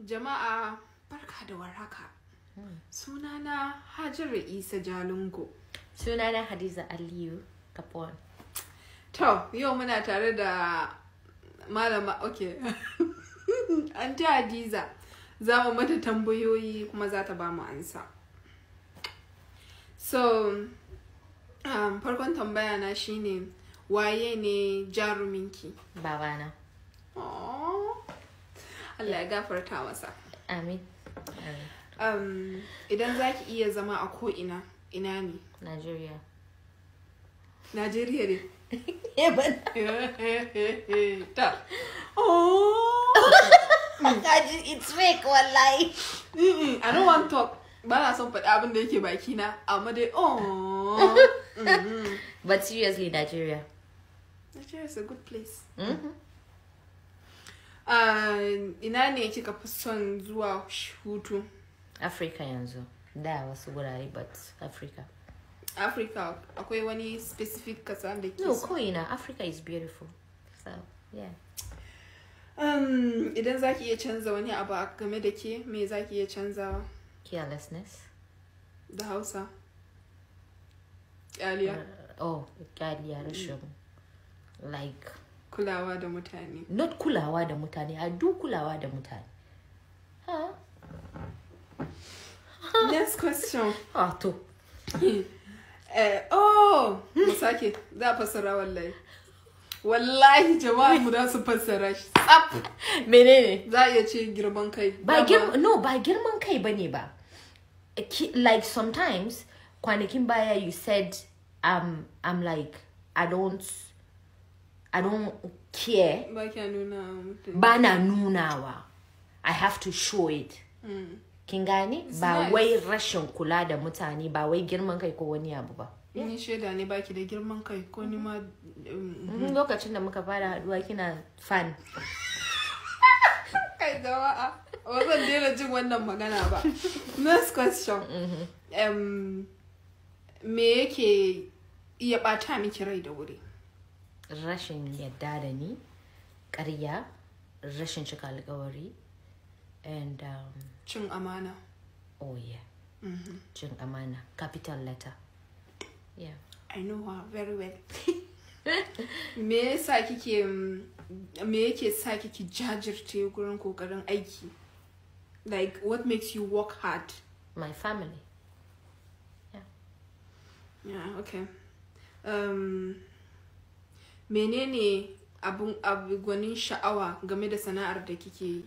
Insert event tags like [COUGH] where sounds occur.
Jama'a barka da warhaka. Sunana Hajara Isa Jalungo. Sunana Hadiza Aliyu Kapon. To, yau muna tare da malama ok. [LAUGHS] Anti Hadiza za mu mata tambayoyi kuma za ta ba mu ansa. So, um, farkon tambaya na shine waye ne jaruminki? Babana. Oh. Allah ya gafarta masa amin um, idan za ki iya zama a ko'ina ina ne Najeriya Najeriya ne [LAUGHS] [LAUGHS] ta oh. [LAUGHS] kaji it's fake wallahi I don't want talk bana son faɗi abin da yake bakina, amma dai oh mm-hmm. but seriously Nigeria Nigeria is a good place mm -hmm. ina ne kika fi son zuwa hutu afirka yanzu da wasu wurare but afirka afirka akwai wani specific kasa da ke no ko ina afirka is beautiful so yeah um, idan za ki iya canza wani abu a game da ke me za ki iya canzawa carelessness da hausa kyaliya uh, oh kyaliya rashin like kulawa da mutane not kulawa da mutane i do kulawa da mutane ha next question ha ah, to [LAUGHS] eh oh musake za a fassara wallahi wallahi jama'a mu da su fassara shi tsaf menene za a iya ce girman kai ba no ba girman kai bane ba like sometimes kwanakin baya you said um, i'm like i don't i don't care ba na nunawa i have to show it mm. kin ba nice. wai rashin kula da mutane ba wai girman kai ko wani abu ba yeah. ni shaida ne baki da girman kai ko ni mm-hmm. ma mm-hmm. Mm-hmm. lokacin da muka fara haduwa kina fan [LAUGHS] kai jama'a ba zan dela jin wannan magana ba [LAUGHS] next question um, me yake iya bata miki rai da wuri rashin yadda da ni ƙarya rashin cika alkawari and um, cin amana oh yeah mm -hmm. amana capital letter yeah i know her very well me yasa kike me yake sa kike jajirce gurin kokarin aiki like what makes you work hard my family yeah yeah okay um menene abin gwanin sha'awa game da sana'ar da kike yi